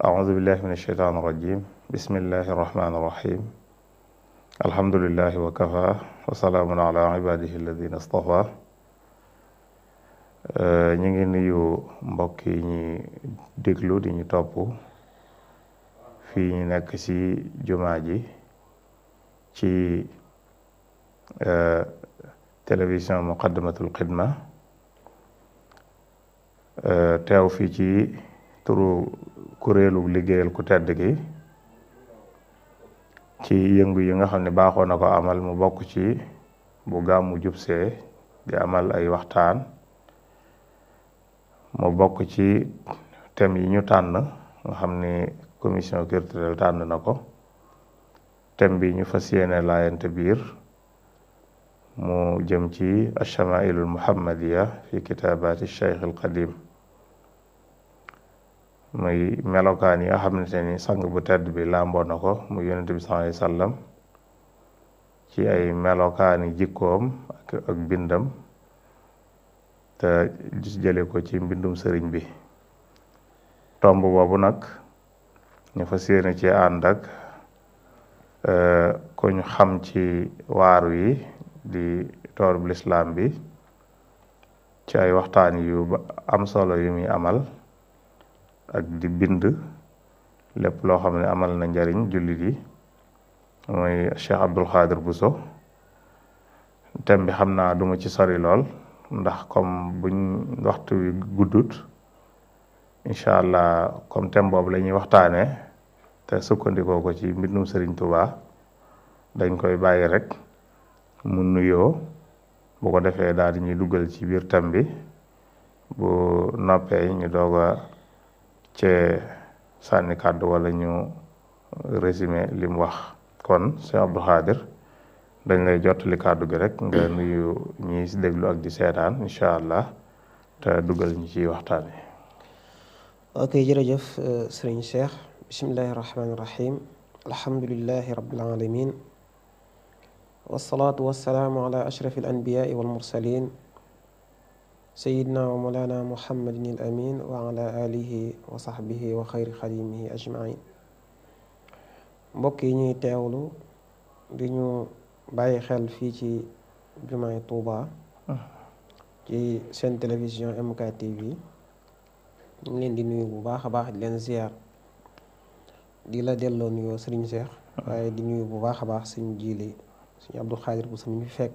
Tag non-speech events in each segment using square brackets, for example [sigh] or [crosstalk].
أعوذ بالله من الشيطان الرجيم بسم الله الرحمن الرحيم الحمد لله وكفى وسلام على عباده الذين اصطفى ñu ngi nuyu mbokk ñi déglu di ñu topp fii ñu nekk ci jumaa ji ci euh, télévision muqaddamatul xidma euh, teew fii ci turu kuréelu liggéeyal ku tedd gi ci yëngu yi nga xam ne baaxoo na ko amal mu bokk ci bu gàmmu jubsee di amal ay waxtaan mu bokk ci thèmes yi ñu tànn nga xam ni commission culturelle tànn na ko thème bi ñu fas yéene laayante biir mu jëm ci ashamailul muhammadiya fi kitaabati cheikh al qadim muy melokaan yi nga ne ni sang bu tedd bi làmboo na ko mu yonent bi sallallahu ci ay melokaani jikkoom ak ak bindam te gis ko ci mbindum sëriñ bi tomb boobu nag ñu fas yéene ci ànd ak e, xam ci waar wi di toor bu lislaam bi ci ay waxtaan yu am solo yu muy amal ak di bind lépp loo xam ne amal na njariñ jullit yi mooy Cheikh Abdul Xaadir Bousso thème bi xam naa duma ci sori lool ndax comme buñ waxtu wi guddut incha allah comme thème boobu la ñuy waxtaanee te sukkandikoo ko ci mbindum Sëriñ Tuubaa dañ koy bàyyi rek mu nuyoo bu ko defee daal di ñuy ci biir thème bi bu noppee ñu doog a cee sànni kàddu wala ñu résumé li wax kon sëñ Abdou Khadir dañ lay jottali kàddu gi rek nga nuyu ñi si déglu ak di seetaan incha allah te dugal ñi ciy waxtaan yi ok jërëjëf sëriñ Cheikh bismillahi rahmaani rahim alhamdulilahi rabbil alamin wasalaatu wasalaamu ala ashrafil anbiyaai wal mursalin sayidna wa mawlana muhammadin al amin wa ala alihi wa sahbihi wa xayri xadimihi ajmain mbokk yi ñuy teewlu di ñu bàyyi xel fii ci jumaay Tuuba ci seen télévision MK TV ñu ngi leen di nuyu bu baax a baax di leen ziar di la delloo nuyoo sëriñ Seex waaye di nuyu bu baax a baax suñ jiili suñu Abdul Xaadir bu suñ fi fekk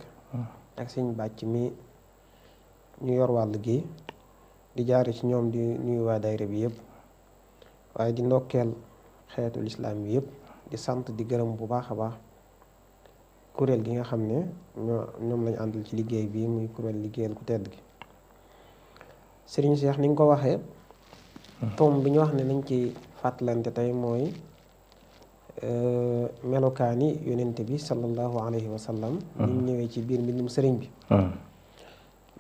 ak suñ bàcc mi ñu yor wàll gi di jaaro ci ñoom di nuyu waa daayira bi yëpp waaye di ndokkeel xeetul islaam bi yëpp di sant di gërëm bu baax a baax kuréel gi nga xam ne ñoo ñoom lañu àndal ci liggéey bi muy kuréel liggéeyal ku tedd gi sëriñ seex ni nga ko waxee tom bi ñu wax ne nañ ci fàttalante tey mooy euh, melokaani yonent bi sallallahu alayhi wa sallam ñu ñëwee ci biir mbindum sëriñ bi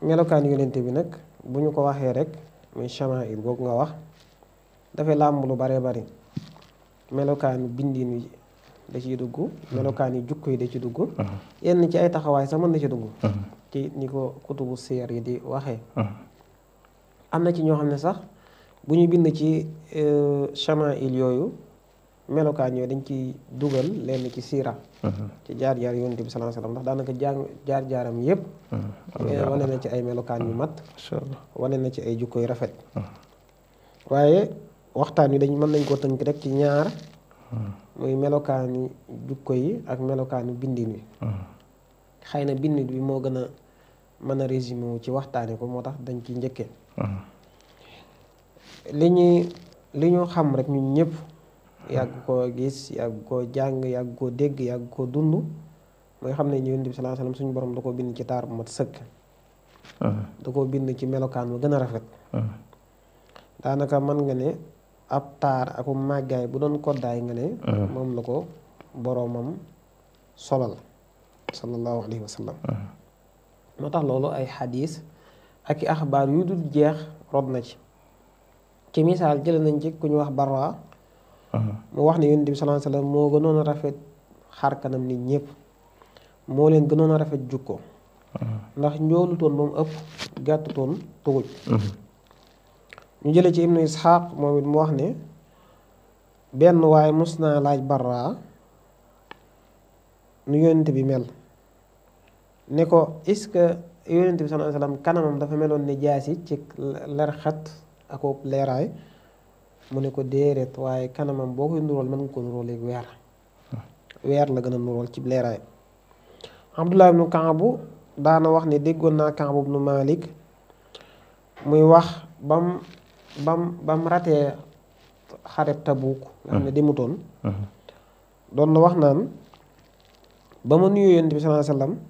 melokaan yonent bi nag bu ñu ko waxee rek muy chamail googu nga wax dafay làmb lu baree bari melokaanu bindin wi da ciy dugg melokaan yi jukko yi da ci dugg uh-huh. yenn ci ay taxawaay sax mën na ci dugg uh-huh. ci ni ko kutubu seer yi di waxee uh-huh. am na ci ñoo xam ne sax bu ñu bind ci euh, chamail yooyu melokaan yooyu dañ ci dugal lenn ci siira uh-huh. ci jaar-jaar yonent bi sallallahu alayhi ndax daanaka jàng jaar-jaaram yëpp uh-huh. eh, wane na ci ay melokaan yu uh-huh. mat wane na ci ay jukko yu rafet waaye waxtaan wi dañ mën nañ koo tënk rek ci ñaar muy melokaani jukko yi ak melokaani bindin wi xëy na bindin bi moo gën a mën a résumé ci waxtaani ko moo tax dañ ci njëkke li ñuy li ñu xam rek ñun ñëpp yàgg koo gis yàgg koo jàng yàgg koo dégg yàgg koo dund mooy xam ne yonent bi sallallahu alayhi wasallam suñu borom da koo bind ci taar bu mat sëkk ah. da koo bind ci melokaan bu gën a rafet ah. daanaka mën nga ne ab taar aku um màggaay bu doon koddaay nga ne ah. moom la ko boroomam solal sallallahu alayhi wa sallam moo tax loolu ay xadis ak i axbaar yu dul jeex rod na ci ci misaal jële nañ ci ku ñu wax barra mu wax ne yonent bi sallallahu alayhi moo gënoon a rafet xar kanam nit ñëpp moo leen gënoon a rafet jukko ndax njoolutoon ba mu ëpp gàttutoon tuguj ñu jële ci ibnu isxaaq moom it mu wax ne benn waaye mos naa laaj barraa nu yonent bi mel ne ko est-ce que yonent bi sallallahu alayhi kanamam dafa meloon ni jaasi ci lerxat ak leeraay mu ne ko déeréet waaye kanamam boo koy nuróol mën nga ko nuróol léegi weer weer la gën a nuróol cib leeraay Abdullah ibnu Kaabu daana wax ne déggoon naa Kaabu ibnu Malik muy wax bam bam ratee xareb Tabuuk nga xam ne demutoon doon na wax naan ba ma nuyoo yonent bi sallallahu alayhi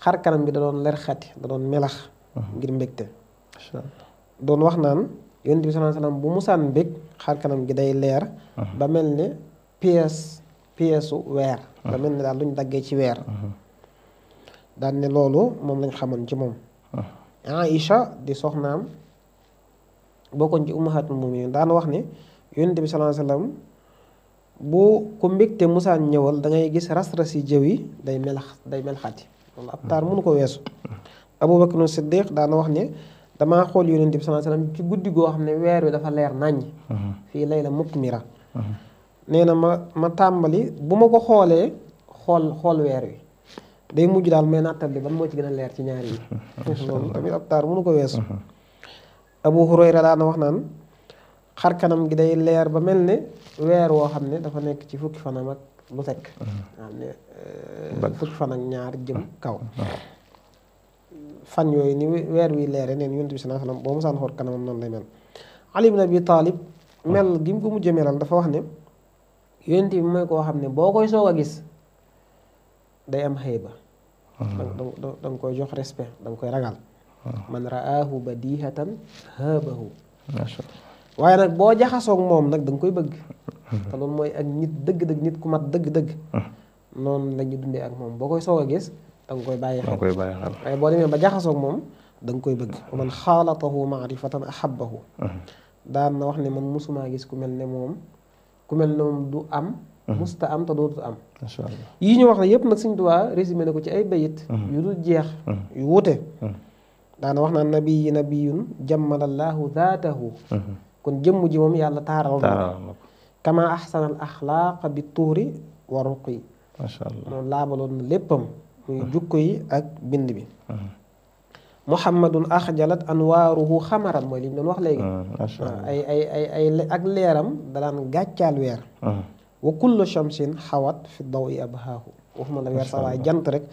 xar kanam bi da doon leer xati da doon melax ngir mbégte doon wax naan yonent bi sallallahu alayhi wasallam bu musaan bég xar kanam gi day leer uh-huh. ba mel ne pièce pièce weer ba uh-huh. mel ni daal luñ daggee ci weer uh-huh. daan ne loolu moom lañ xamoon ci moom Aïcha di soxnaam bokkoon ci ummahatul mu'minin daan wax ne yonent bi sallallahu alayhi wasallam bu ku mbégte musaan ñëwal da ngay gis ras-ras yi jëw yi day mel day mel xati loolu ab taar mënu ko weesu Abubakar daan wax ne damaa xool yonent bi sallallahu alayhi wasallam ci guddi goo xam ne weer wi dafa leer naññ. Mhm. fii layla mukmira mhm. nee na ma ma tàmbali bu ma ko xoolee xool xool weer wi day mujj daal may nattab bi ban moo ci gën a leer ci ñaar yi. loolu [laughs] tamit ab taar ko weesu. Mhm. Abu Hurayra wax naan xar kanam gi day leer ba mel ne weer woo xam ne dafa nekk ci fukki fanam ak lu teg. fukki fan ak ñaar jëm kaw. fan yooyu ni weer wi leere neen yonent bi sallallahu alayhi wasallam boo mosaan xool kanamam noonu lay mel Ali ibn Abi Talib hmm. mel gi mu ko mujjee melal dafa wax ne yonent bi mooy koo xam ne boo koy soog a gis day am xëyba da nga koy jox respect da koy ragal hmm. man ra'aahu badihatan haabahu waaye nag boo jaxasoog moom nag da koy bëgg hmm. te loolu mooy ak nit dëgg-dëgg nit ku mat dëgg-dëgg noonu la ñu dundee ak moom boo koy soog a gis da koy bàyyi xel waaye boo demee ba jaxasoog moom danga nga koy bëgg man xaalatahu maarifatan ahabbahu daan na wax ne man mosumaa gis ku mel ne moom mel ne du am musta am te dootu allah yii ñu wax ne yëpp nag Sëñ Tuubaa résumé na ko ci ay bayit yu dul jeex yu wute daana wax naan nabiyi nabiyun jammalallaahu zaatahu kon jëmm ji yàlla taaral na kama ahsanal axlaaqa bi tuuri wa ruqi macha allah moom laabaloon na léppam jukko yi ak bind bi muhammadun axjalat anwaaruhu xamaran ah, ah, ak leeram dalaan gàccaal weer ah. wa kullu shamsin xawat fi daw i abhaahu waxuma la weer sax waaye jant rek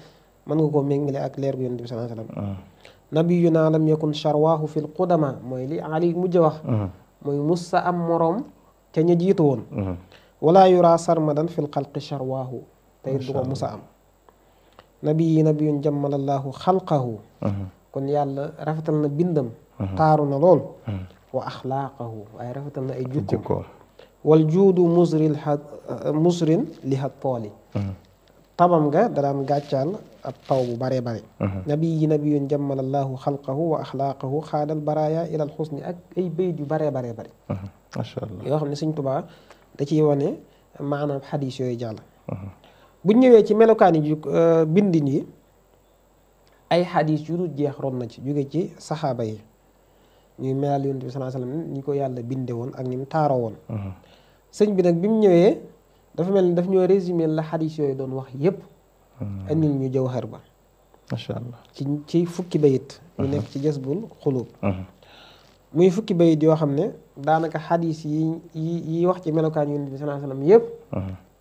mën nga koo méngale ak leer gu yonent bi lam yakun charwaahu fi l qudama mooy li ali mujj wax mooy mus sa am moroom ca ña jiitu woon wala yura sarmadan fi l xalqi charwaahu tey du nabi jammal jammalallahu xalqahu uh-huh. kon la rafetal na bindam taaru na lool uh-huh. wa axlaaqahu waaye rafetal na ay jukkoom wal juudu musril a musrin li hat tooli uh-huh. tabam nga daraan gàccaal ab taw bu bare bare nabiyi nabiyun jammalallahu xalqahu wa axlaaqahu xaadal baraaya ilal xusni ay bayit yu bare bare bare macha allah yoo xam ne Sëñ Tuubaa da ciy wane maanaam xadiis yooyu bu ñëwee ci melokaan yi euh, bindin yi ay xadis yu dul jeex rom na ci jóge ci saxaaba yi ñuy melal yonent bi sallallahu alayhi wasallam ko yàlla binde woon ak ni mu taaro woon mhm. sëñ bi nag bi mu ñëwee dafa mel ni daf ñoo résumé la xadis yooyu doon wax yépp mhm. andil ñu jawhar ba macha allah ci ci fukki bayit ñu mhm. ci jasbul muy fukki bayit yoo xam ne daanaka xadis yi yi wax ci melokaan yonent bi sallallahu alayhi yépp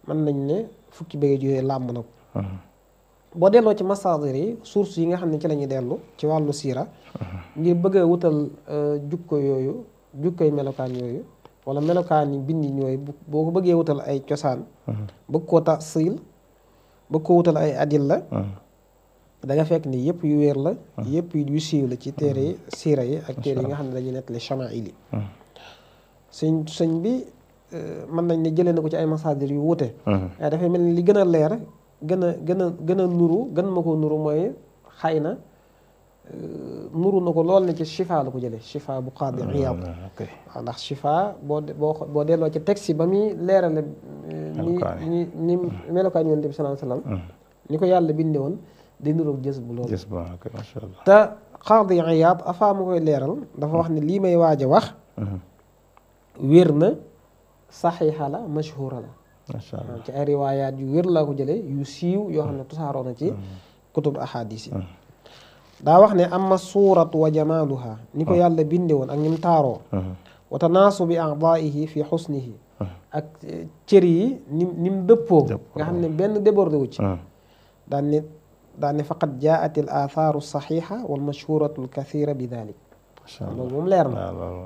mën nañ ne fukki bëgg yooyu làmb na ko uh-huh. boo delloo ci masaadir yi source yi nga xam ne ci lañuy dellu ci wàllu siira uh-huh. ngir bëgg a wutal euh, jukko yooyu jukkoy melokaan yooyu wala melokaan yi bindi boo ko bëggee wutal ay cosaan uh-huh. bëgg koo tasil bëgg ko wutal ay adil la danga fekk ni yëpp yu wér la yëpp yu siiw la ci téere siira yi ak téere yi nga xam ne dañuy nettali chamail yi sëñ bi Euh, mën nañ ni jëlee na ko ci ay masaadir yu wuute. waaye dafay mel ni li gën a leer gën a gën a gën a nuru gën ma ko nuru mooy xay na euh, nuru na ko lool ne ci chifa la ko jëlee chifa bu Qaadi Iyaad waaw ndax chifa boo boo boo delloo ci texte yi ba muy leerale euh, ni ni ni melokaan yonent bi sallallahu ni ko yàlla bindee woon di nuroog jës bu lool ma koy leeral dafa wax ne lii may waaj a wax wér na saxiixa la mashhuura la macha ci ay riwaayaat yu wér laa ko jëlee yu siiw yoo xam ne tusaaroo na ci mm. kutub ahadis yi mm. wax ne ama suuratu wa jamaaluha ni ko mm. yàlla binde woon ak ñim taaroo wa tanaasu bi aadaihi fi xusnihi ak eh, cër yi nim nim dëppoo nga xam ne benn déborde wu ci daan ne daan ne faqad jaat al athaaru saxiixa wal mashhuuratu al kathira bi dalik Ah, loolu moom leer na waaw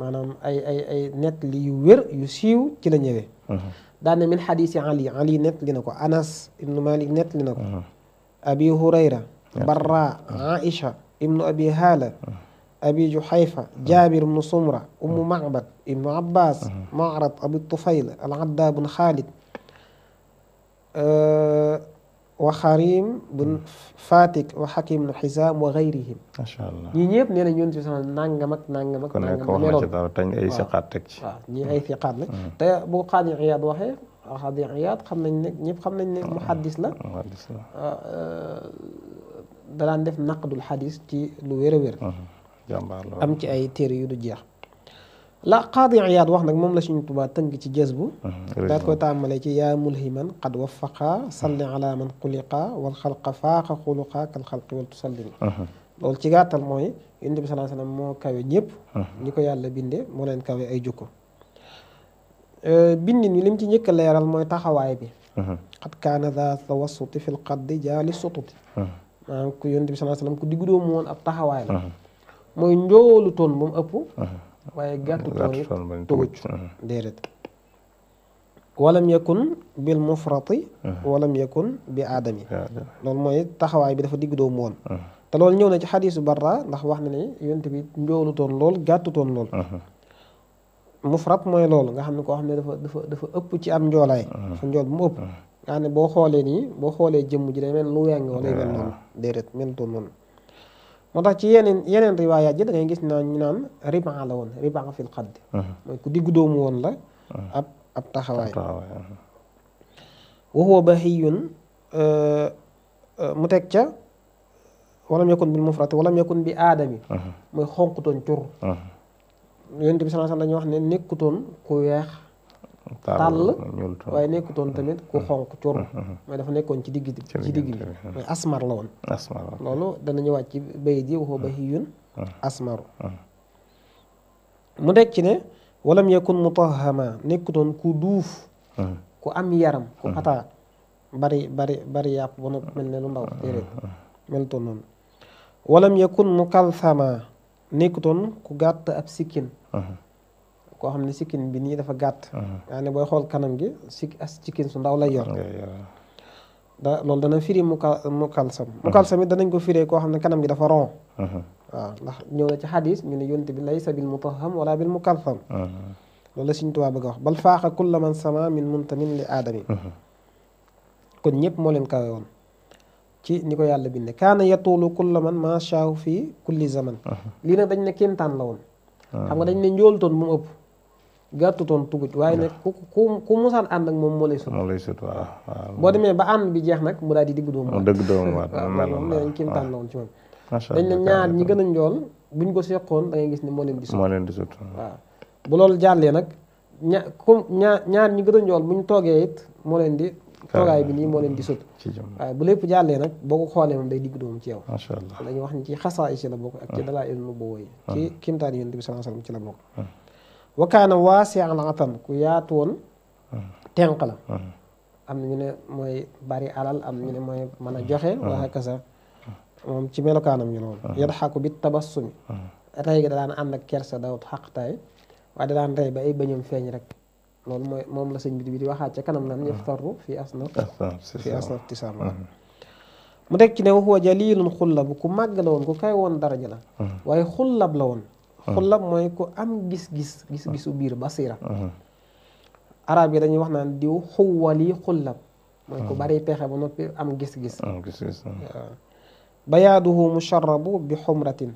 maanaam ay ay ay nett li yu wér yu siiw ci la ñëwee mhm. daane min xadiisi ali ali nett li na ko anas ibnu malik nett li na ko mhm. abi hurayra barra mhm. aisha ibnu abi haala abi juhayfa jabir ibnu sumra ummu macbad ibnu abbas macrad abi tufayl al adda bun xaalid äh, wa Xarim bun hmm. Fatik wa Xakim bun Xisaam wa gayrihim. macha allah ñii ñëpp nee nañu yonent bi nangam ak nangam ak. nangam ku nekk wax na ci dara tañ ay siqaat teg ci. waaw ñii ay siqaat la. Hmm. te bu Qaadi Iyaad waxee Qaadi Iyaad xam nañ ne ñëpp xam nañ ne hmm. muhaddis la. muhaddis la ah, ah, danaan def naqdul xadis ci lu wér a wér. jàmbaar la am ci ay téere yu du jeex. la qaadi iyaad wax nag moom la suñu tubaa tënk ci jës bu daat koy tàmmale ci yaa mulhiman qad waffaqa salli ala man xuliqa wal xalqa faaqa xuluqa kal xalqi wal tusallim loolu ci gàttal mooy yonent bi salaa salaam moo kawe ñëpp ñi ko yàlla binde moo leen kawe ay jukko bindin wi lim ci njëkk leeral mooy taxawaay bi qad kaana daa tawassuti fi l qaddi jaali sututi maanaam ku yonent bi salaa salaam ku diggu doomu woon ab taxawaay la mooy njoolu toon ba mu ëpp waaye gàttu toon it dugut déedéet walam yakun bil mufrati walam yakun bi aadami loolu mooy taxawaay bi dafa digg doomu woon te loolu ñëw na ci xadiisu barra ndax wax na ne yonent bi njoolu toon lool gàttu toon lool mufrat mooy loolu nga xam ne koo xam ne dafa dafa dafa ëpp ci am njoolaay dafa njool bu mu ëpp nga xam ne boo xoolee nii boo xoolee jëmm ji day mel lu weng wala mel noonu déedéet mel toon noonu moo tax ci yeneen yeneen riwaayaat ji da gis naa ñu naan riba la woon riba fil xadd mooy ku diggu doomu woon la ab ab taxawaay wa huwa bahiyun euh, euh, mu teg ca walam yakun bil mufrati walam yakun bi aadami mooy xonqutoon cur yonent bi wax ne nekkutoon ku weex tàll waaye nekkutoon tamit ku xonq cur mooy mm-hmm. dafa nekkoon ci digg ci digg bi mooy asmar la woon loolu danañu wàcc ci bayit yi waxoo ba xiyun mm-hmm. asmaru mm-hmm. mu teg ci ne walam yakun mutahama nekkutoon ku duuf ku am yaram ku pataa bari bari yàpp ba noppi mel ne lu ndaw déedéet melutoon noonu walam yakun mukalthama nekkutoon ku gàtt ab sikkin koo xam ne sikkin bi nii dafa gàtt. yaa ne booy xool kanam gi si as sikkin su ndaw lay yor. da loolu dana firi mu ka mu kalsam. mu danañ ko firee koo xam ne kanam gi dafa ron. waaw ndax ñëw na ci xadis ñu ne yonte bi laysa bil mutaham wala bil mukalsam. la a wax bal faaxa kulla man kon ñëpp moo leen kawe woon ci ni ko yàlla bindee kaana yatuulu kulla man maashaahu fii kulli zaman. lii nag dañ ne kéemtaan la woon. xam nga dañ ne njooltoon mu ëpp. gàttutoon tuguj waaye nag ku ku ku musaan ànd ak moom moo lay sut moo lay sut boo demee ba ànd bi jeex nag mu daal di digg doomu dëgg doomu waat waaw moom neñ kiim a njool buñ moo leen di sut moo leen di sut waaw bu loolu jàllee nag ñaar ñaar ñi gën a njool ñu toogee it moo leen di toogaay bi nii moo leen di sut waaye bu lépp jàllee nag boo ko xoolee moom day digg doomu ci yow macha allah dañuy wax ni ci xasaa yi ci la bokk ak ci ah. dalaa ilmu boobu ci ah. kiimtaan yonent bi sallallahu alayhi ci la bokk ah. wakaana waasi an atam ku yaatu woon tenq la hmm. am ñu ne mooy bari alal am ñu ne mooy mën a hmm. joxe hmm. waxe kasa moom ci melokaanam ñu loolu yadxaku bi tabassumi rey gi da daan ànd ak kersa xaqtaay waaye da daan rey ba ay bëñam feeñ rek loolu mooy moom la sañ bi di waxaat ca kanam naan yaftaru fii asna fii asnaf tisam mu teg ci ne waxuwa jalilun xullab ku màgg la woon ku kay woon daraja la waaye xullab la woon xullab mooy ku am gis-gis gis-gisu biir basira arab yi dañuy wax naan diw xuwali xullab mooy ku bari pexe ba noppi am gis-gis gis-gis bayaaduhu bi xumratin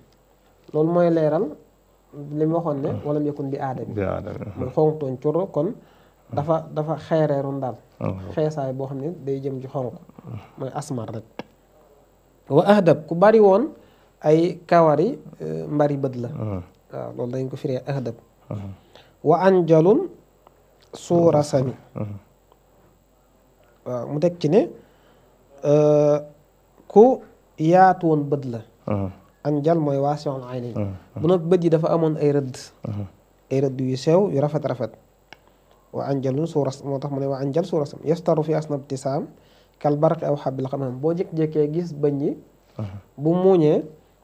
loolu mooy leeral li waxoon ne wala mu yëkkun bi aada bi muy xonqtooñ coro kon dafa dafa xeereerun daal xeesaay boo xam ne day jëm ji xonq mooy asmar rek wa ahdab ku bari woon ay kawari eh, mbari bët la waaw loolu dañ ko firee ahdab uh-huh. wa anjalun suura uh-huh. Uh-huh. mu teg ci ne euh, ku yaatu woon bët la anjal mooy waasi'ul ayni bu nag bët yi dafa amoon ay rëdd ay yu sew yu rafet rafet wa anjalun suura moo tax mu ne wa anjal suura sami yastaru fi asnab tisaam kal barqi aw xabil xamam boo jékki-jékkee gis bëñ yi bu muuñee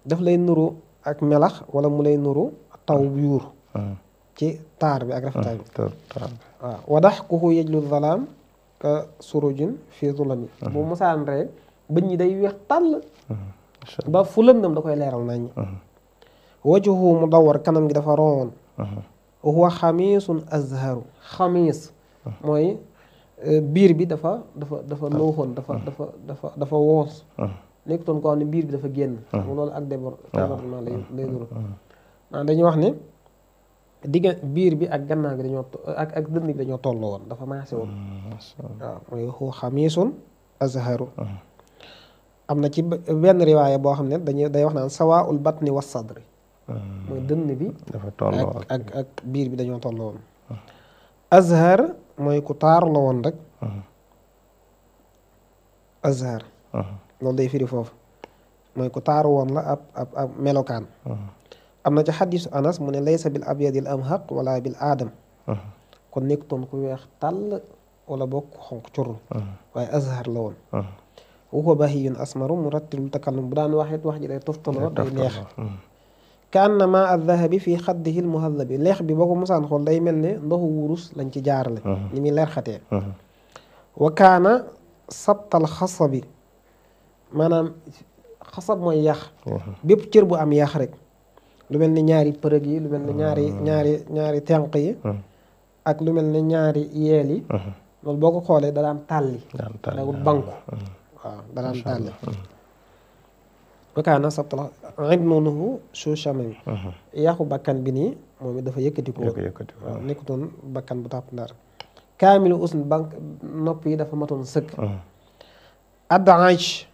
daf lay nuru ak melax wala mu lay nuru taw ah. yuur ah. ci taar bi ak rafetaay bi ah, waaw wadax kuku yejlu zalaam ka surujin fii zulami bu musaan ree bëñ ñi day weex tàll ba fu lëndëm da koy leeral nañ wajuhu mu dawar kanam gi dafa roon huwa xamiisun azharu xamiis mooy eh, biir bi dafa dafa dafa nooxoon dafa dafa dafa woos nekkutoon koo xam biir bi dafa génn. Ah. loolu ak débordement ah. lay ah. dañuy wax ni digga biir bi ak gannaaw gi dañoo ak ak dañoo tolloo woon dafa maase woon. waaw mm, mooy waxu xamiisun am na ci benn riwaaya boo xam ne dañuy day wax sawa sawaaul batni wa sadri. mooy dënn bi. dafa tolloo ak biir bi dañoo tolloo woon. azhar mooy ku taar la woon rek. azhar. loolu day firi foofu mooy ku taaru woon la ab ab ab melokaan uh-huh. am na ci xadisu anas mu ne laysa bil abyadil amhaq wala bil aadam uh-huh. kon ku weex tàll wala bokk xonq curul uh-huh. waaye azhar la woon waxwa bahiyun asmaru mu rattilul takallum bu daan waxit wax ji day toftaloo day neex kaanna maa addahabi fii xaddihi lmuhallabi leex bi boo ko mosaan xool day mel ne ndoxu wurus lañ ci jaarale ni muy leer xatee wa kaana sabtal xasabi maanaam xasab mooy yàq bépp cër bu am yàq rek lu mel ni ñaari përëg yi lu mel ni ñaari ah. ñaari ñaari tenq yi ah. ak lu mel ni ñaari yeel yi ah. loolu boo ko xoolee da daan tàlli dawul banku waaw da daan tàlli wakaana sabtala xit noonuhu bakkan bi nii moom it dafa yëkkatiku waaw nekkutoon bakkan bu tàpp ndar kaamilu usn bank nopp yi dafa matoon sëkk addaange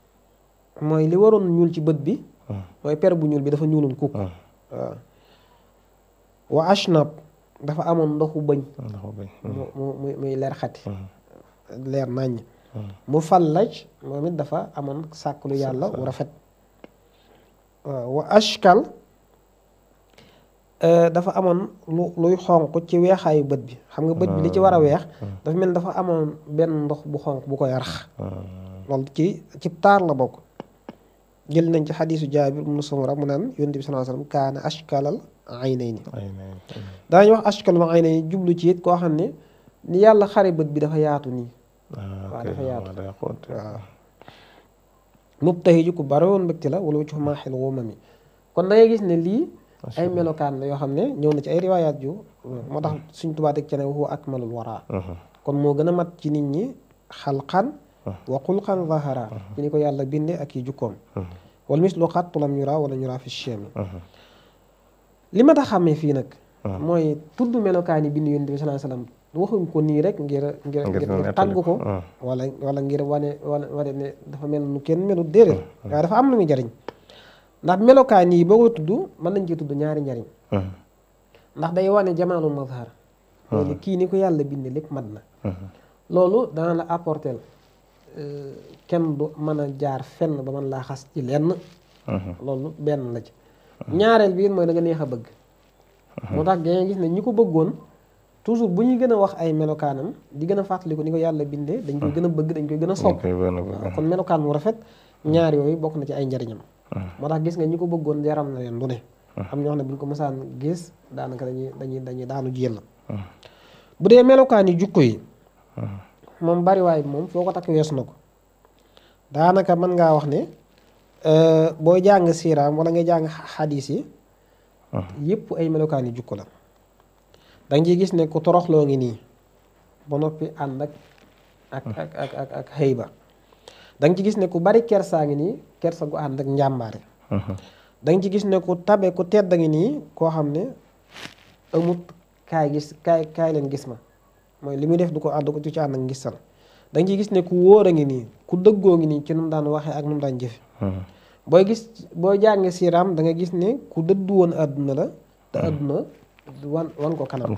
mooy li waroon ñuul ci bët bi ah. mooy per bu ñuul bi dafa ñuuloon kukk ah. Ah. wa ashnab dafa amoon ndoxu bëñ mu muy leer xati leer nàññ mu fallaj moom it dafa amoon sàkk lu yàlla wu rafet waaw wa ashkal euh, dafa amoon lu luy xonq ci weexaayu bët bi xam nga bët bi li ci war a weex dafa mel ni dafa amoon benn ndox bu xonq bu koy rax loolu ci ci taar la bokk jël nañ ci xadiisu jaabir ibnu samura mu naan yonent bi sallallahu alayhi wasallam kaana ashkalal aynayni daañu wax ay aynayni jublu ci it koo xam ne ni yàlla xare bët bi dafa yaatu nii ah, waaw dafa yaatu waaw mubtahiju ku bare woon mbégte la wala wuccu maa xel wooma mi kon da gis ne lii ay melokaan la yoo xam ne ñëw na ci ay riwaayaat yu moo tax uh-huh. suñ tubaa teg ci ne huwa akmalul wara uh-huh. kon moo gën a mat ci nit ñi xan wa xulqan zahara ci ni ko yàlla binde ak yi jukkoom wala mislu xattu lam yura wala yura fi chemi li ma tax xàmmee fii nag mooy tudd melokaani bind yonent bi sallallahu alayhi wasallam waxuñ nii rek ngir ngir ngir ko wala ngir wane wane wane dafa mel nu kenn melu déedéet waaye dafa am lu muy jariñ ndax melokaan yi boo ko tudd man nañ ci tudd ñaari njariñ ndax day wane jamaalul mazhar kii ni ko yàlla binde lépp mat na loolu dana la apporter Eh, kenn du mën a jaar fenn ba man laa xas ci lenn. Uh-huh. loolu benn la ci. ñaareel bi it mooy da nga neex a bëgg. Uh-huh. moo tax dañuy gis ne ñi ko bëggoon toujours bu ñuy gën a wax ay melokaanam di gën a fàttaliku ni ko yàlla bindee. dañ koy uh-huh. gën a bëgg dañ koy gën a sopp kon melokaan mu rafet ñaar yooyu bokk na ci ay njariñam. moo tax gis nga ñi ko bëggoon yaram na leen lu ne. am ñoo xam ne bu ñu ko mësaan gis daanaka dañuy dañuy dañuy daanu jéel la. bu dee melokaan yi jukko moom bariwaay bi moom foo ko takk weesu na ko daanaka man ngaa wax ne euh, boo jàng siiraam wala ngay jàng xadiis yi uh-huh. yëpp ay melokaan yi la danga ciy gis ne ku toroxloo ngi nii ba noppi ànd ak ak uh-huh. ci gis ne ku bari kersaa ngi nii kersa gu ànd ak njàmbaare uh-huh. danga ci gis ne ku tabe ku tedd ngi nii koo xam ne amut kaay gis kaay kaay leen gis ma mooy li muy def du ko àddu ko du ci ànd ak ngistal ciy gis ne ku wóor a ngi nii ku dëggoo ngi nii ci nu mu daan waxee ak nu mu daan jëfe hmm. booy gis booy jànge siiraam da nga gis ne ku dëdd woon àdduna la te hmm. àdduna wan wan ko kanam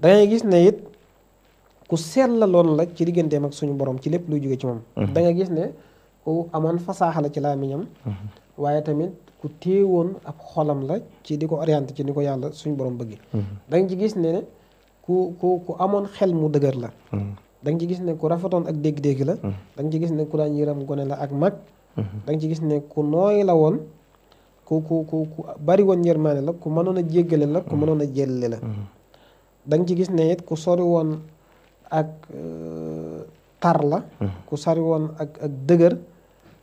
da gis ne it ku sellaloon la ci digganteem ak suñu boroom ci lépp luy jóge ci moom hmm. da gis ne ku amoon fasaaxal la ci làmmiñam waaye tamit ku woon ab xolam la ci di ko orienté ci ni ko yàlla suñu borom bëgg da ci gis ne ku ku ku amoon xel mu dëgër la mm-hmm. da ci gis ne ku rafetoon ak dégg-dégg la mm-hmm. da nga ci gis ne ku daan yëram gone la ak mag mm-hmm. da ci gis ne ku nooy la woon ku ku ku ku bari woon yërmaane la ku mënoon a jéggale la ku mënoon a jëlle la da nga ci gis ne it ku sori woon ak euh, tar la ku sori woon ak ak dëgër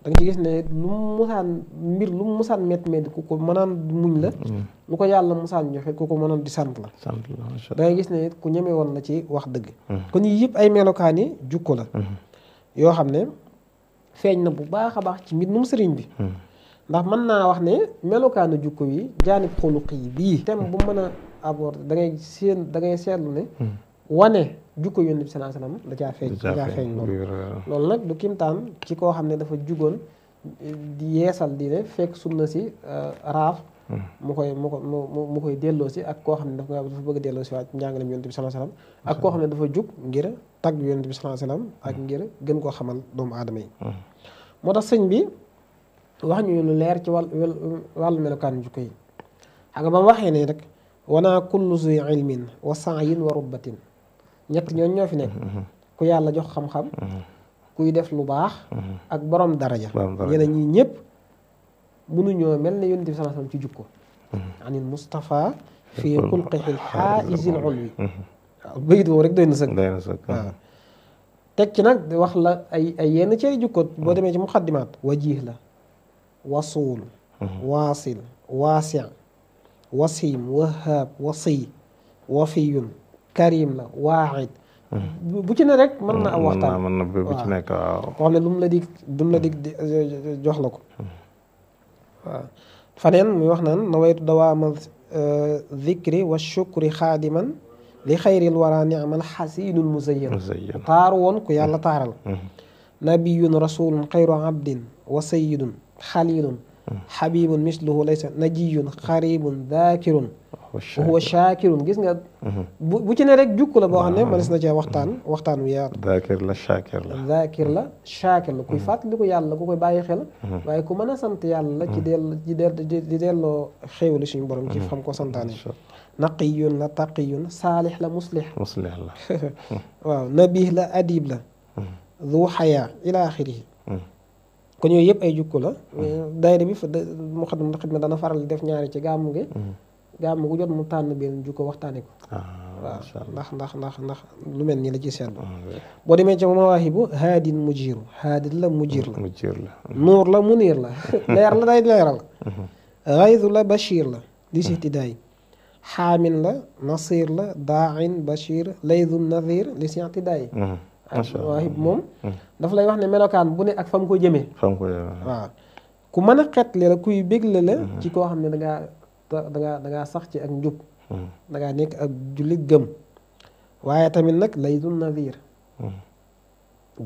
da ci gis ne lu mu musaan mbir lu mu musaan métti métti ku ko mënaan muñ la. Mm. lu ko yàlla musaan joxe ku ko mënoon di sant la. sant la da ngay ku ñeme woon la ci wax dëgg. Mm. kon yii yëpp ay melokaan yi jukko la. Mm. yoo xam ne feeñ na bu baax a baax ci mbir num sëriñ bi. ndax mën naa wax ne melokaanu jukko yi jaanib xoluq yi bii. tem bu mën a aborder da ngay seen dangay ngay seetlu ne. wane. jukko yonent bi sallallahu alayhi da caa feeñ da caa loolu euh, loolu nag du kimtaan ci koo xam ne dafa jugoon euh, di yeesal diine fekk sunna si euh, raaf hmm. mu koy mu mu mu koy delloo si ak koo xam ne dafa dafa bëgg a delloo si waat njàngalem yonent bi sallallahu alayhi ak koo xam ne dafa jug ngir tagg yonent bi sallallahu alayhi ak hmm. ngir gën koo xamal doomu aadama yi hmm. moo tax sëñ bi wax ñu lu leer ci wàll wàllu melokaan jukko yi xam nga ba mu waxee ne rek wana kullu zu ilmin wa sa'yin wa rubbatin ñett ñooñu ñoo fi nekk mm-hmm. ku yàlla jox xam-xam mm-hmm. kuy def lu baax mm-hmm. ak borom daraja ñeneen ñi ñëpp mënuñoo mel ne yonent bi sallallahu alayhi wasallam ci jukko anil Mustafa fii xulqixil xaaizil ulwi waaw bayit woowu rek doy na sëg waaw teg ci nag wax la ay ay yenn ci jukko boo demee ci muqaddimaat wajiih la wasuul waasil waasi wasiim wahaab wasiy wafiyun karim la waaxid bu ci ne rek mën na am waxtaan mën na bu ci nekk waaw wax la lu mu la dig dum la dig jox la ko waaw faneen muy wax naan nawaytu dawaamal euh, zikri wa shukri xaadiman li xayril wara niamal xasinun muzayin taaru woon ku yàlla taaral mm-hmm. nabiyun rasulun xayru abdin wa sayidun xalilun xabibun misluhu laysa najiyun xaribun daakirun wa huwa shaakirun gis nga bu ci ne rek jukk la boo xam ne manis na cee waxtaan waxtaan wu yaatu daakir la shaakir la daakir la shaakir la kuy fàttali ko yàlla ku koy bàyyi xel waaye ku mën a sant yàlla ci dell ci dell di delloo xéewali suñu borom ci xam ko santaane naqiyun la taqiyun saalix la muslix muslix la waaw nabih la adib la du xayaa ila axirihi kon yooyu yëpp ay jukku la. Mm-hmm. daayira bi fa mu xam ne dana faral def ñaari ci gàmmu gi. Mm-hmm. gàmmu gu jot mu tànn benn jukko waxtaanee ko. Ah, ndax ndax ndax ndax lu mel nii la ci seetlu. Mm-hmm. boo demee ca mawaahibu haadin mujiiru haadin la mujiir la. mujiir la nuur la muniir la [laughs] leer la day leeral. xaydu la bashir la. li si tidaay xaamin la nasiir la daain bashir laydun nadiir li si tidaay almuwaahib moom hmm. dafa lay wax ne melokaan bu ne ak fa ko jëmee waaw ku mën a xetle la kuy bégle la hmm. ci koo xam ne dangaa dangaa dangaa sax ci ak njub hmm. dangaa nekk ak jullit gëm waaye tamit nag lay dun nadir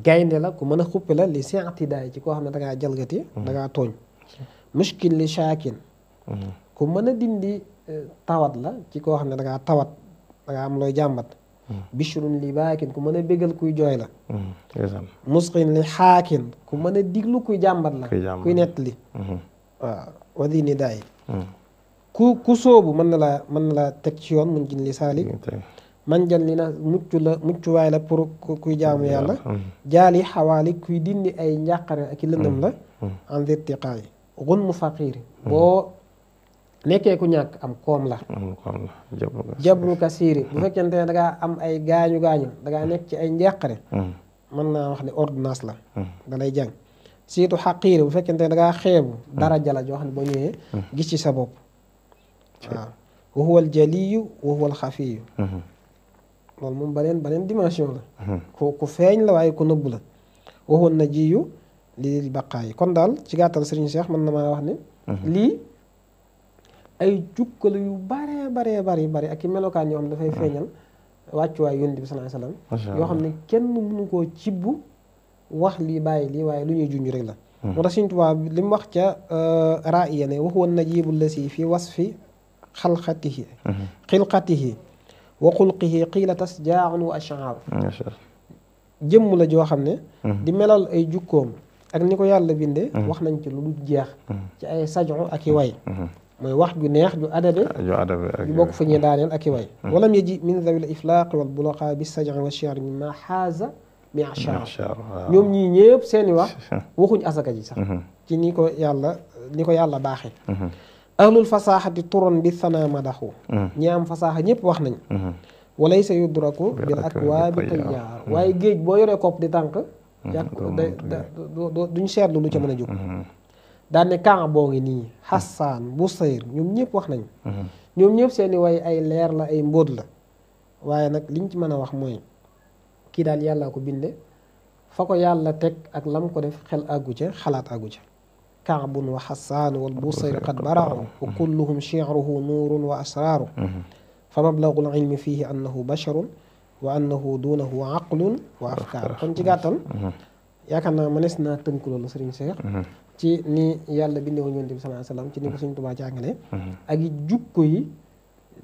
gaynde la ku mën a xuppe la li sentidaay ci koo xam ne dangaa jalgati dangaa tooñ mushkil li shaakin ku mën a dindi eh, tawat la ci koo xam ne dangaa tawat dangaa am looy jàmbat bishrun li baakin ku mën a bégal kuy jooy la musqin li xaakin ku mën a diglu kuy jàmbat la kuy nettali waaw wadi ni daay ku ku mën na la mën na laa teg ci yoon mun jin li saalik man jan li na mucc la muccuwaay la pour kuy jaamu yàlla jaali xawaali kuy dindi ay njàqare ak i lëndëm la en gun mu faqiir boo nekkee ku ñàkk am koom la. am koom la jabru bu fekkente ne da am ay gaañu gaañu da nekk ci ay njàqare. Hmm. mën naa wax ne ordonnance la. Hmm. da lay jàng surtout xaqiiri bu fekkente ne da ngaa xeebu. Hmm. daraja la joo xam ne boo ñëwee. gis ci sa bopp. wa huwa al jaliyu loolu moom beneen beneen dimension la. ku ku la waaye ku la. wa huwa najiyu lil baqaayi kon daal ci gàttal Serigne Cheikh mën wax ne. lii. ay jukkala yu bare bare bari bari ak i melokaan yoo xam ne dafay hmm. feeñal wàccuwaay yonent bi sallallahu alayhi wasallam yoo xam ne kenn mënu koo cibbu wax lii bàyyi lii waaye lu ñuy junj rek la hmm. moo tax Sëriñ Tuubaa li mu wax ca euh, raaya ne waxuwa najibu lasi fi wasfi xalqatihi hmm. xilqatihi wa xulqihi qiila tas jaaxun wa ash'ar jëmm la joo xam ne di melal ay jukkoom ak ni ko yàlla bindee wax nañ ci lu dul jeex ci ay sajon ak i way mooy wax ju neex ju adabe ah, ju bokk fu ñuy daaneel ak i way hmm. walam yaji min zawil iflaaq wal bulaqa bi saj'i wa shi'r mi ma xaaza mi achar ñoom ñi ñëpp seeni wax [laughs] hmm. waxuñ asaka ji sax hmm. ci ni ko yàlla ni ko yàlla baaxee ahlul fasaaxati turon bi sanaa madaxu ñi am fasaaxa ñëpp wax nañ walaysa yudraku bil akwaabi tayyaar waaye géej boo yoree kopp di tànk yàq duñ seetlu lu ca mën a jóg daan ne kan boo ngi nii Hassan Busayr ñoom ñëpp wax nañ mm-hmm. ñoom ñëpp seen i way ay leer la ay mbóot la waaye nag liñ ci mën a wax mooy kii daal yàllaa ko binde fa yàlla teg ak lam ko def xel àggu ca xalaat àggu ca kaabun wa xasaan wal busayr qad barau wa mm-hmm. kulluhum chiruhu nuurun wa asraaru mm-hmm. fa mablagu l ilmi fiihi annahu basharun wa annahu duunahu aqlun wa afkaar [laughs] ci gàttal yaakaar naa mënees naa tënk loolu sëriñ Cheikh mhm. ci ni yàlla bindee woon yonent bi sallallahu alayhi wasallam ci ni ko suñ Tuubaa jàngale mhm. ak jukko yi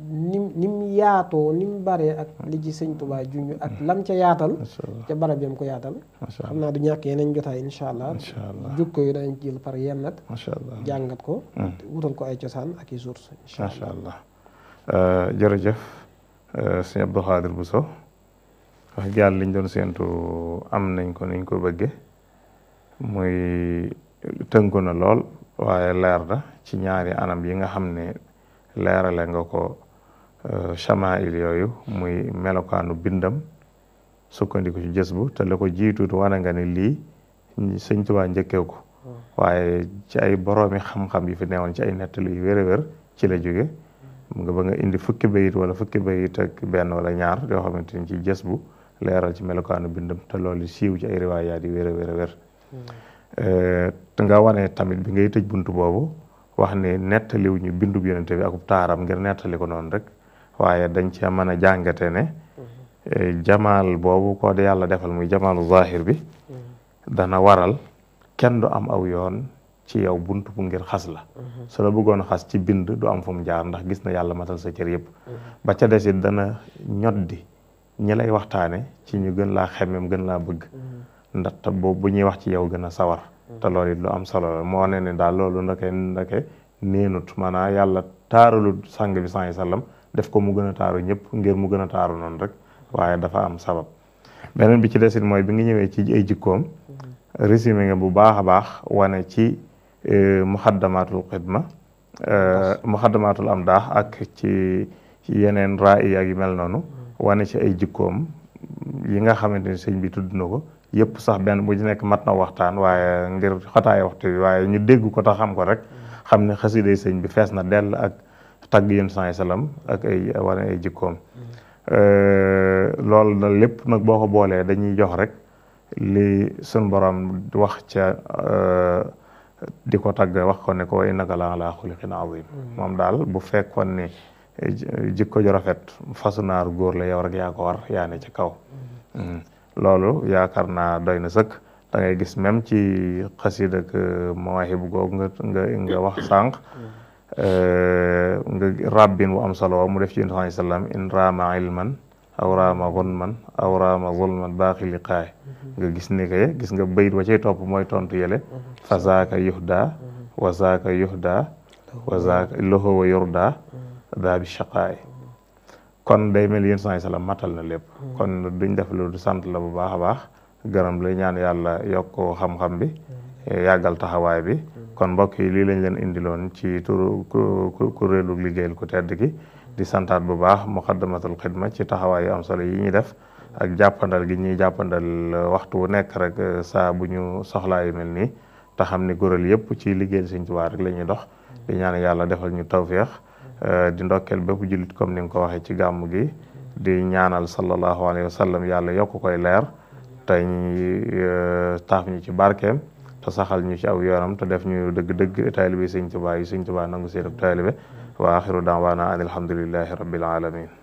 nim nim yaatoo nim baree ak mhm. li ci sëñ Tuubaa junj ak lam ca yaatal ca barab yam ko yaatal xam naa du ñàkk yeneen jotaay insha allah jukko yi danañ jël par yennat jàngat ko wutal ko ay cosaan ak i source insha allah euh, jërëjëf euh, sëñ Abdou bu Bousso wax jàll liñ doon séentu am nañ ko niñ ko bëgge muy tënku na lool waaye leer na ci ñaari anam yi nga xam ne leerale nga ko euh, chamail yooyu muy melokaanu bindam sukkandiku ci jës bu te la ko jiituut wane nga ne lii sëñ Tuubaa njëkkee ko hmm. waaye ci ay boroomi xam-xam yi fi newoon ci ay nettali yu wér a wér ci la jóge hmm. nga ba nga indi fukki bayit wala fukki bayit ak benn wala ñaar yoo xamante ni ci jës bu leeral ci melokaanu bindam te loolu siiw ci ay riwaayaat yi wér a wér a wér hmm. eh, nga wane tamit bi ngay tëj bunt boobu wax ne nettaliw ñu bindub yonente bi ak taaram ngir nettali ko noonu rek waaye dañ cee mën a jàngate ne hmm. eh, jamaal boobu ko de yàlla defal muy jamaalu zahir bi hmm. waral kenn du am aw yoon ci yow bunt bu ngir xas la su la bëggoon xas ci bind du am fu mu jaar ndax gis na yàlla matal sa cër yëpp ba ca desit dana ñoddi ñi lay waxtaane ci ñu gën laa xemem gën laa bëgg mm-hmm. ndaxte boobu bu ñuy wax ci yow gën a sawar mm-hmm. te loolu it lu am solo la moo ne ne daal loolu ndake ndake neenut maanaam yàlla taaralu sang bi saa sallam def ko mu gën a taaru ñëpp ngir mu gën a taaru noonu rek waaye dafa am sabab beneen bi ci desit mooy bi nga ñëwee ci ay jikkoom mm-hmm. résumé nga bu baax a baax wane ci e, muxaddamaatul xidma e, muxaddamaatul am daax ak ci yeneen raa yi ak mel noonu wane ci ay jikkoom yi nga xamante ni sëñ bi tudd na ko yëpp sax benn bu ci nekk mat na waxtaan waaye ngir xataay waxtu bi waaye ñu dégg ko tax xam ko rek xam ne xasiday sëñ bi fees na dell ak tagg yun saay salam ak ay wane ay jikkoom euh, loolu na lépp nag boo ko boolee dañuy jox rek li sun borom wax ca euh, di ko tagg wax ko ne ko innaka la ala xuliqin azim mm. moom daal bu fekkoon ni jikko ju rafet fasu naar góor la yow rek yaa war yaa ci kaw mm. loolu yaakaar naa doy na sëkk da ngay gis même ci xasida ak euh, mawaahib googu nga nga wax sànq euh, nga rabbin am solo mu def ci yonent bi sallam in raama ilman aw raama gunman aw raama zulman baaxi nga gis ni que gis nga bayit wa cay topp mooy tontu yële fa zaaka yuhda wa zaaka yuhda wa zaaka loxo daa baabi shaqaay kon day mel yéen saa matal na lépp. kon ñu def lu sant la bu baax a baax gërëm lay ñaan yàlla yokk xam-xam bi. yàggal taxawaay bi. kon mbokk yi lii lañ leen indiloon ci turu kuréelu liggéeyal ku tedd gi. di santaat bu baax muqaddamatul xidma ci taxawaay yi am solo yi ñuy def. ak jàppandal gi ñuy jàppandal waxtu wu nekk rek saa bu ñu soxlaa yu mel nii te xam ni kuréel yëpp ci liggéeyal Sëñ Tuubaa rek la ñuy dox. di ñaan yàlla defal ñu tawféex. Euh, di ndokkeel bépp jullit comme ni nga ko waxee ci gàmm gi di ñaanal sallallahu alayhi wa sallam yàlla yokk koy leer te ñu euh, taaf ñu ci barkeem te saxal ñu ci aw yoonam te def ñu dëgg-dëgg taalibe sëñ Tuubaa yi sëñ Tuubaa nangu seen ab taalibe wa axiru daawaana an alhamdulillahi rabbil alamin